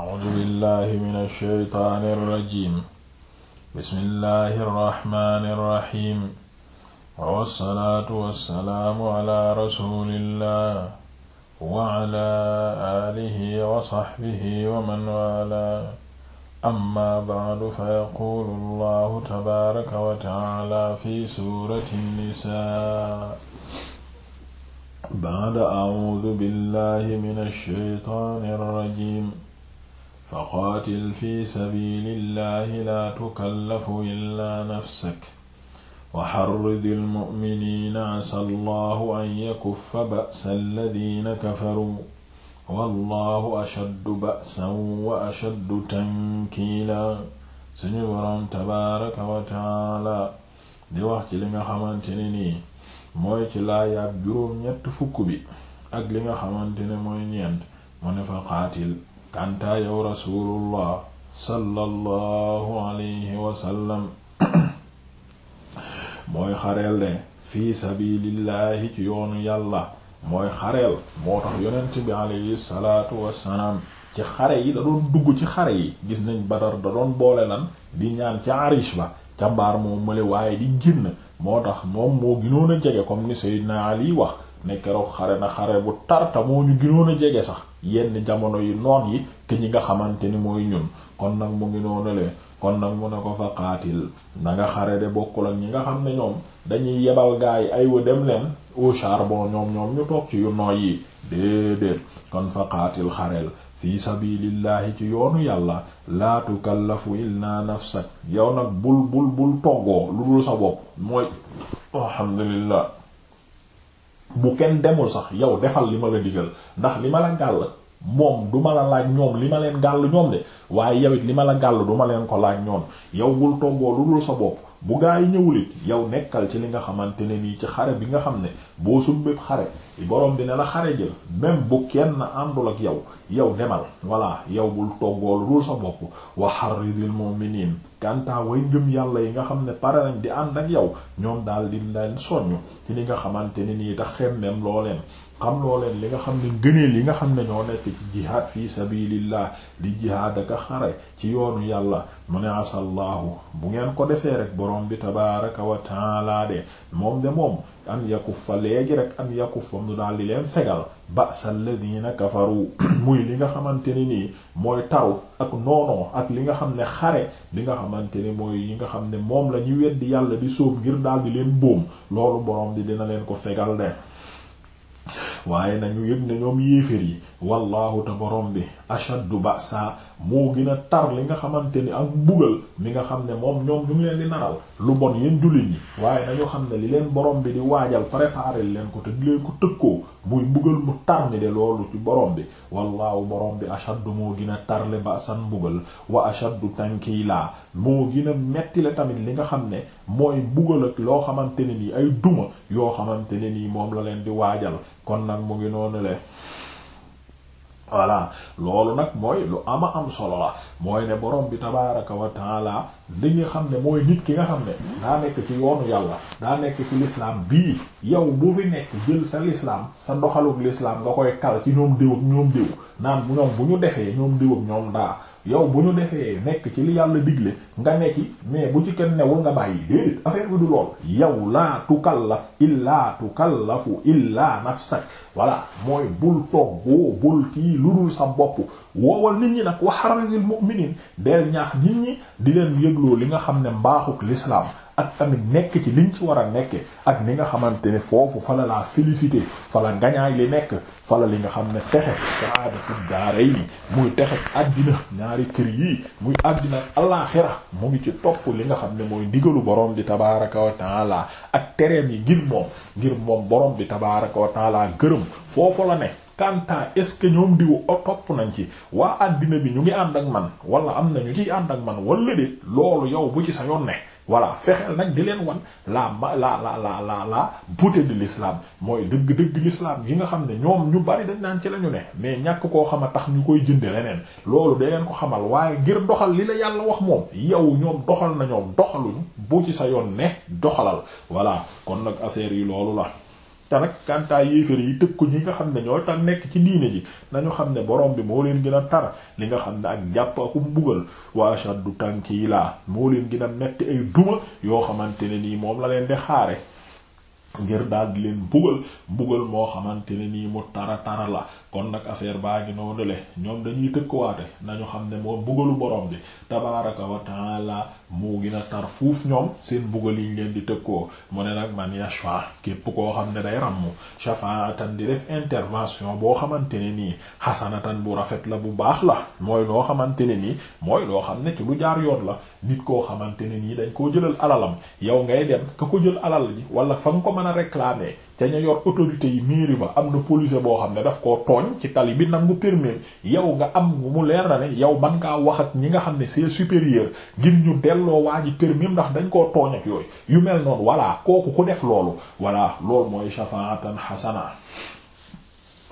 a'uudu billahi mina shaytaani rajiim bismillahi rahmaani rahiim wassalaatu wassalaamu ala rasulillah wa ala alihi wa sahbihi wa man waalaa amma ba'du fa yaquulu allahu tabaaraka wa ta'aala fi suurati nisaa ba'da a'uudu billahi mina shaytaani rajiim faqaatil fi sabilillahi la tukallafu illa nafsak wa xarridil mu'miniina asaa allahu an yakuffa ba'sa alladina kafaru wallahu ashaddu ba'san wa ashaddu tankiila suñu boroom tabaaraka wa taala di wax ci li nga xamante ne nii mooy ci laayaab juróom ñett fukk bi ak li nga xamante ne mooy ñeent mu ne fa qaatil kantaa yow rasulullah sallallahu alayhi wasallam mooy xareel de fi sabilillahi ci yoonu yàlla mooy xareel moo tax yonent bi alayhi salaatu wassalaam ci xare yi da doon dugg ci xare yi gis nañ Badar da doon boole lan di ñaan ca arish ba ca mbaar moo mële waaye di génn moo tax moom moo ginoon a jege comme ni Seydina Ali wax ne keroog xare na xare bu tarta moo ñu gënoon a jege sax yenn jamono yu noon yi ke ñi nga xamante ni mooy ñun kon nag mu ngi noonulee kon nag mu ne ko fa xaatil na nga xare de bokkul ak ñi nga xam ne ñoom dañuy yebal gaa yi aywa dem leen au charbon ñoom ñoom ñu toog ci yu nooy yi déedéet kon fa xaatil xareel fi sabilillahi ci yoonu yàlla laa tukallafu illaa nafsak yow nag bul bul bul toggoo lu dul sa bopp mooy alhamdulillah bu kenn demul sax yow defal li ma la digal ndax li ma la gàll moom du ma la laaj ñoom li ma leen gàll ñoom de waaye yow li ma la gàll du ma leen ko laaj ñoom yow bul toggoo lu dul sa bopp bu gaa yi ñëwul it yow nekkal ci li nga xamante ne nii ci xare bi nga xam ne boo sumbeeb xare borom bi ne la xare jël même bu kenn àndul ak yow yow demal voilà yow bul toggool rul sa bopp wa harridil mu'minin kanta way ngëm yàlla yi nga xam ne pare nañ di ànd ak yow ñoom daal di leen soññ ci li nga xamante ne nii tax xemmem loo leen xam loo leen li nga xam ne ngëneel li nga xam ne ñoo nekk ci jihaad fi sabilillah di jihaad ak xare ci yoonu yàlla mu ne asallaahu bu ngeen ko defee rek borom bi tabaraka wa taala de moom de moom an yakuffa léegi rek an yakuffa mu daal di leen fegal yi alladhina kafaru muy li nga xamante ne nii mooy taw ak noonoo ak li nga xam ne xare li nga xamante ne mooy yi nga xam ne moom la ñu weddi yàlla di sóob ngir daal leen boom loolu boroom di dina leen ko fegal de waaye nañu yëg ne ñoom yéeféer yi wallahu te borom bi ashaddu ba'sa moo gën a tar li nga xamante ni ak mbugal mi nga xam ne moom ñoom ñu ngi leen di naral lu bon yéen jullit yi waaye nañu xam ne li leen borom bi di waajal préparer leen ko te di leen ko tëkkoo muy mbugal mu tar mi de loolu ci borom bi wallaahu borom bi ashaddu moo gën a tarle ba'san mbugal wa ashaddu tankila moo gën a metti la tamit li nga xam ne mooy mbugal ak loo xamante ne nii ay duma yoo xamante ne nii moom la leen di waajal kon nag mu le voilà loolu nag mooy lu ama am solo la mooy ne borom bi tabaaraka wa taala li nga xam ne mooy nit ki nga xam ne daa nekk ci yoonu yàlla daa nekk ci l'islam bii yow bu fi nekk jël sa lislaam sa doxaluk l'islam nga koy kal ci ñoom diw ñoom diw naan bu ñoom bu ñu defee ñoom diw ñoom daa yow bu ñu defee nekk ci li yàlla digle nga nekki mais bu ci kenn newul nga bàyyi déedéet affaire bi du lool yow laa tukallaf illaa tukallafu illaa nafsak voilà mooy bul toog bul kii ludul sa bopp woowal nit ñi nag wa harrizil mu'minin deel ñaax nit ñi di leen yëgloo li nga xam ne mbaaxuk l'islam ak tamit nekk ci liñ ci war a nekke ak ni nga xamante ne foofu fala la félicité fala ngañaay li nekk fala li nga xam ne texe saadatul daaray ni muy texe addina ñaari kër yi muy àddina alaxira mu ngi ci topp li nga xam ne mooy ndigalu borom bi tabaraka wa taala ak tereem yi ngir moom ngir moom borom bi tabaraka gërëm foofu la ne kantaa est-ce que ñoom diwu o topp nañ ci waa àddina bi ñu ngi ànd ak man wala am na ñu ciy ànd ak man wala de loolu yow bu ci sa yoon ne voilà fexeel nag di leen wan la ma la la la la la beauté mooy dëgg-dëgg l'islam yi nga xam ne ñoom ñu bari dañ naan ci la ñu ne mais ñàkk koo xam a tax ñu koy jënde leneen loolu da leen ko xamal waaye ngir doxal li la yàlla wax moom yow ñoom doxal na ñoom doxaluñu bu ci sa yoon ne doxalal voilà kon nag affaire yi loolu la te nag kantaa yéeféer yi tëkku ñi nga xam ne ñoo tax nekk ci diine ji nañu xam ne borom bi moo leen gën a tar li nga xam ne ak jàpp aku mbugal wa ashaddu tankiila moo leen gën a metti ay duma yoo xamante ne nii moom la leen di xaare ngir daal di leen mbugal mbugal moo xamante ne nii mu tara tara la kon nag affaire baa ngi noonu le ñoom dañuy tëkkuwaate nañu xam ne moo mbugalu borom bi tabaraka wa taala mu gën a tar fuuf ñoom seen mbugal yi ñu di tëkkoo mu ne nag man yashfa képp koo xam ne day ràmmu shafaatan di def intervention boo xamante ne nii xasanatan bu rafet la bu baax la mooy loo xamante ne nii mooy loo xam ne ci lu jaar yoon la nit koo xamante ne nii dañ koo jëlal alalam yow ngay dem ka ko jël alal ji wala fa nga ko mën a réclamer ca ñu yor autorité yi mairie ba am na policier boo xam ne daf koo tooñ ci tali bi nangu permis yow nga am mu leer na ne yow man ngaa wax ak ñi nga xam ne c'est supérieur ngir ñu delloo waa ji permis ndax dañ koo tooñ ak yooyu yu mel noonu voilà kooku ku def loolu voilà loolu mooy shafaatan hasana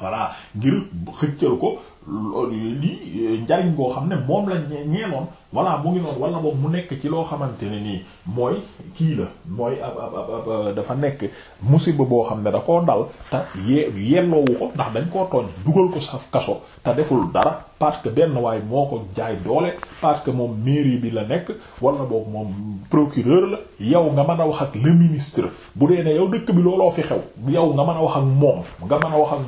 voilà ngir xëccal ko Euh, lii euh, njariñ goo xam ne moom la ñe ñeeloon voilà mu ngi noonu wala boog mu nekk ci loo xamante ne nii mooy kii la mooy ab ab ab euh, dafa nekk musiba boo xam ne da koo dal te yee yelloowu ko ndax dañ koo tooñ dugal ko saf kaso te deful dara parce que benn waay moo ko jaay doole parce que moom mairie bi la nekk wala boog moom procureur la yow nga man a wax ak le ministre bu dee ne yow dëkk bi looloo fi xew yow nga mën a wax ak moom nga mën a wax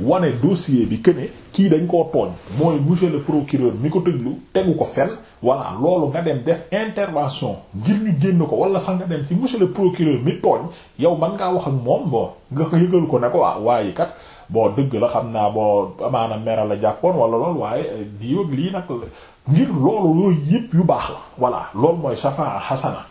wane dossier bi que ne kii dañ koo tooñ mooy monsieur le procureur mi ko tëjlu tegu ko fenn voilà loolu nga dem def intervention ngir ñu génn ko wala sax nga dem ci monsieur le procureur mi tooñ yow man ngaa wax ak moom bon nga yëgal ko ne ko waa ah, waaye kat boo dëgg la xam naa boo amaana mera la jàppoon wala loolu waaye diwëg eh, lii nag ngir loolu yooyu yëpp yu baax la voilà loolu mooy shafaa hasana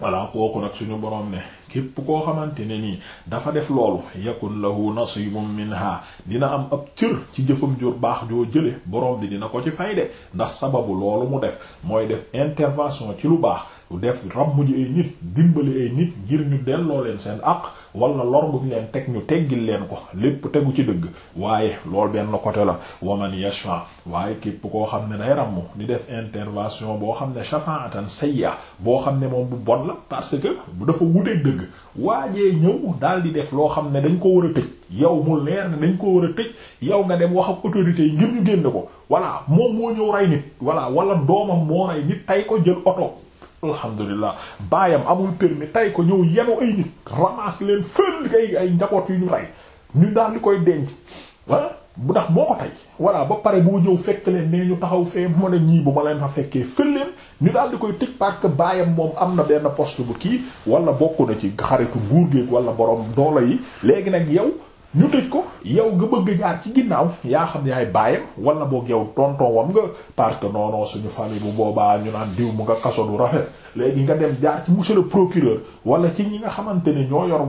voilà kooku nag suñu borom ne képp koo xamante ne nii dafa def loolu yakun lahu nasibum minha dina am ab cër ci jëfam jur baax joo jële borom bi dina ko ci fay de ndax sababu loolu mu def mooy def intervention ci lu baax def ramm ji ay nit dimbali ay nit ngir ñu delloo leen seen àq wala lor buñ leen teg ñu teggil leen ko lépp tegu ci dëgg waaye loolu benn côté la waman yashfa waaye képp koo xam ne day ramm di def intervention boo xam ne shafaatan sayya boo xam ne moom bu bon la parce que bu dafa wuteeg dëgg waajee ñëw daal di def loo xam ne dañ ko war a tëj yow mu leer ne dañ ko war a tëj yow nga dem wax ak autorités yi ngir ñu génn ko voilà moom moo ñëw rey nit wala doomam moo rey ko jël oto alhamdulilah baayam amul permis tey ko ñëw yenu ay nit ramasse leen fël ay njaboot yu ñu rey ñu daal di koy denc ah bu ndax moo ko tey voilà ba pare boo ñëw fekk leen nee ñu taxaw fee mën a ñii bu ma leen fa fekkee fël leen ñu daal di koy tëj parce que baayam moom am na benn post bu kii wala bokku na ci xaritu buur géeg wala borom doole yi léegi nag yow. ñu tëj ko yow nga bëgg jaar ci ginnaaw yaa xam yaay bàyyam wala boog yow tonton wam nga parce que non non suñu famille bu boobaa ñu naan diw mu nga kaso du rafet léegi nga dem jaar ci monsieur le procureur wala ci ñi nga xamante ne ñoo yor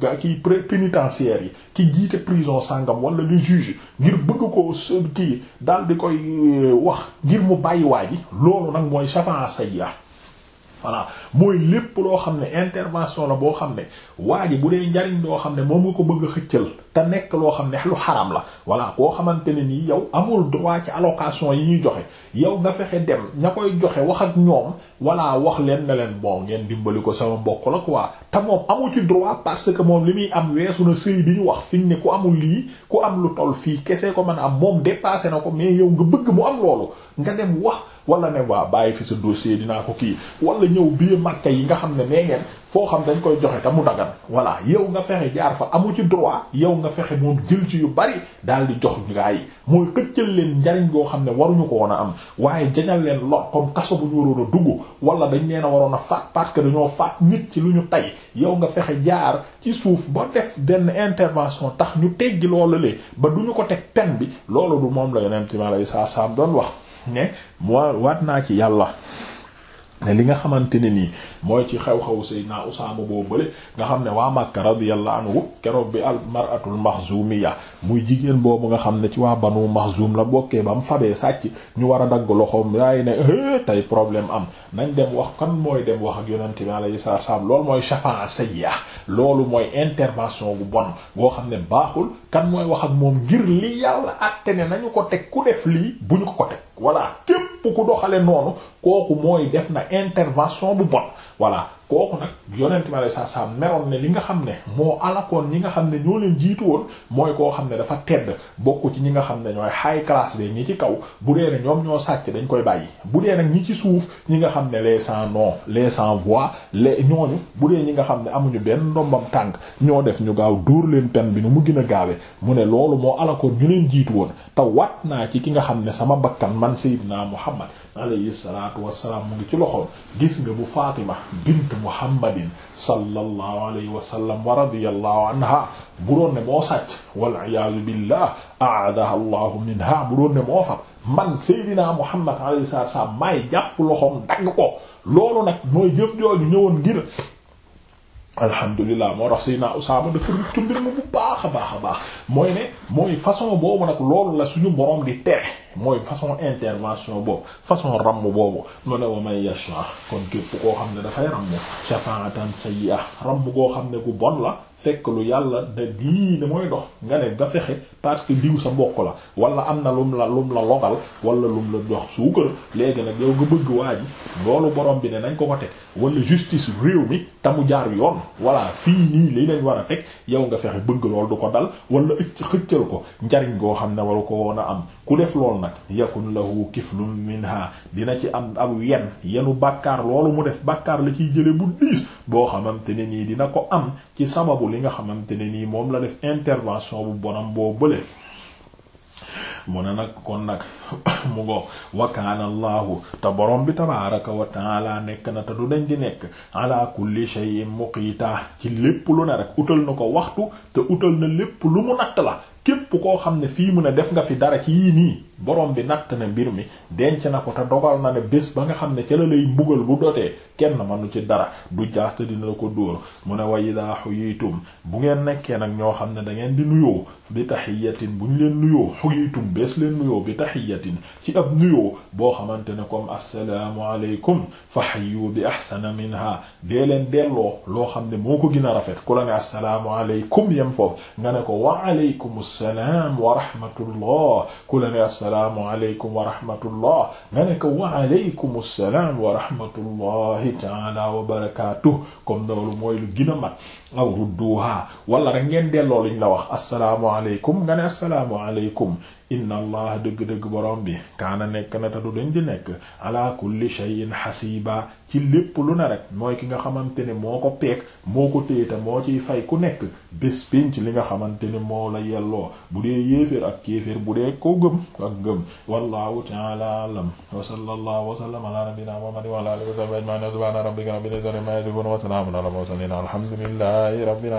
euh, kii pénitentiaire yi ki jiite prison sangam wala le juge ngir bëgg ko kii daal di koy euh, wax ngir mu bàyyi waa ji loolu nag mooy shafa'a sayyi'a voilà mooy lépp loo xam ne intervention la boo xam ne waa ji bu dee njariñ loo xam ne moom nga ko bëgg a xëccal te nekk loo xam ne lu xaram la voilà koo xamante ne nii yow amul droit ci alocation yi ñuy joxe yow nga fexe dem ña koy joxe wax ak ñoom voilà wax leen ne leen bon ngeen dimbali ko sama mbokk la quoi te moom amul ci droit parce que moom li muy am weesu na sëy bi ñu wax fi ne ku amul lii ku am lu toll fii kese ko man a am moom dépassé na ko mais yow nga bëgg mu am loolu nga dem wax wala ne waa bàyyi fi sa dossier dinaa ko kii wala ñëw biir marka yi nga xam ne nee ngeen foo xam dañ koy joxe te mu dagan voilà yow nga fexe jaar fa amu ci droit yow nga fexe moom jël ci yu bari daal di jox gaa yi mooy xëccal leen njariñ goo xam ne waruñu ko woon a am waaye jañal leen lor comme kaso bu ñu waroon dugg wala dañ a waroon a parce que dañoo faat nit ci lu ñu tay yow nga fexe jaar ci suuf ba def benn intervention tax ñu teggi loolu le ba duñu ko teg pen bi loolu du moom la yeneen time alay saa saa doon wax ne moo waat naa ci yàlla ne li nga xamante ne nii mooy ci xew-xewu xew Seydina Usaama boo bële nga xam ne waa Makka radiyallahu anhu keroog bi al maratul maxzumiya muy jigéen boobu nga xam ne ci waa banu maxzum la bokkee ba mu fabee sàcc ñu war a dagg loxoom yaay ne tey problème am nañ dem wax kan mooy dem wax ak yonente bi alayhi salaam loolu mooy shafaa sayya loolu mooy intervention bu bon boo xam ne baaxul kan mooy wax ak moom ngir li yàlla àtte ne nañu ko teg ku def lii bu ko ko teg voilà képp ku doxale noonu kooku mooy def na intervention bu bon voilà kooku nag yonent ma lay saa saa meroon ne li nga xam ne moo alakoon ñi nga xam ne ñoo leen jiitu woon mooy koo xam ne dafa tedd bokk ci ñi nga xam ne ñooy high class bee ñi ci kaw bu dee ñoom ñoo sàcc dañ koy bàyyi bu dee nag ñi ci suuf ñi nga xam ne les sans nom les sans voix les ñooñu bu dee ñi nga xam ne amuñu benn ndombam tànk ñoo def ñu gaaw dóor leen pen bi nu mu gën a gaawe mu ne loolu moo alakoon ñu leen jiitu woon te wat naa ci ki nga xam ne sama bakkan man Seydina Muhammad alayhi salaatu wassalaam mu ngi ci loxoom gis nga bu Fatima bint muhammadin sallallahu alayhi wa sallam wa radiyallahu anha bu doon ne moo sàcc waliyasu billah aadaha allahu minha bu doon ne moo far man seydina muhammad alayhi salaatu salaam maay jàpp loxoom dagg ko loolu nag mooy jëf jooju ñëwoon ngir alhamdulilah moo tax Seydina Usaama dafa rëccu mbir mu bu baax a baax a baax mooy ne mooy façon boobu nag loolu la suñu boroom di tere mooy façon intervention boobu façon ramm boobu mu ne wa may yasha kon képp koo xam ne dafay ramm shafa'atan sayyi'a ramm goo xam ne ku bon la fekk lu yàlla da dii ne mooy dox nga ne nga fexe parce que diw sa mbokk la wala am na lum la la logal wala lum la jox suukar léegi nag yow nga bëgg waa ji loolu borom bi ne nañ ko ko teg wala justice réew mi te mu jaar yoon voilà fii nii li lañ war a teg yow nga fexe bëgg loolu du ko dal wala ëcc xëccal ko njariñ goo xam ne waru ko woon a am ku def lool nag yakun lahu kiflun minha dina ci am aw yen yenu bàkkaar loolu mu def bàkkaar la ciy jële bu diis boo xamante ne nii dina ko am ci sababu li nga xamante ne nii moom la def intervention bu bonam boo bële mu ne nag kon nag mu ngo wakaana allahu te borom bi tabaraka wa nekk na te du dañ di nekk ala kulli shay'in muqiita ci lépp lu ne rek utal na ko waxtu te utal na lépp lu mu natt la képp koo xam ne fii mun ne def nga fi dara ci yii nii borom bi natt na mbir mi denc na ko te dogal na ne bés ba nga xam ne ca la lay mbugal bu dotee kenn manu ci dara du jaasta dina la ko dóor mu ne wa idaa bu ngeen nekkee nag ñoo xam ne da ngeen di nuyoo bi taxiyatin bu ñu leen nuyoo xuyitum bés leen nuyoo bi taxiyatin ci ab nuyoo boo xamante ne comme assalaamu aleykum fa hayyu bi ahsana minha dee leen delloo loo xam ne moo ko gën a rafet ku la ne assalaamu aleykum yem foofu nga ne ko wa aleykum assalaam wa rahmatullah ku la assalaamu aleykum wa rahmatullah nga ne ko wa aleykum assalaam wa rahmatullahi taala wa barakaatuh comme loolu mooy lu gën a mat aw rudduha wala rek ngeen delloo liñ la wax assalaamu aleykum nga ne assalaamu aleykum inna allah dëgg-dëgg borom bi kaana nekk na te du dañ di nekk ala kulli shay'in hasiba ci lépp lu na rek mooy ki nga xamante ne moo ko peek moo ko téye te moo ci fay ku nekk bés pénc li nga xamante ne moo la yelloo bu dee yéeféer ak kéeféer bu dee ko gëm ak gëm wallahu ta'ala alam wa sallallahu wa sallam ala nabiyyina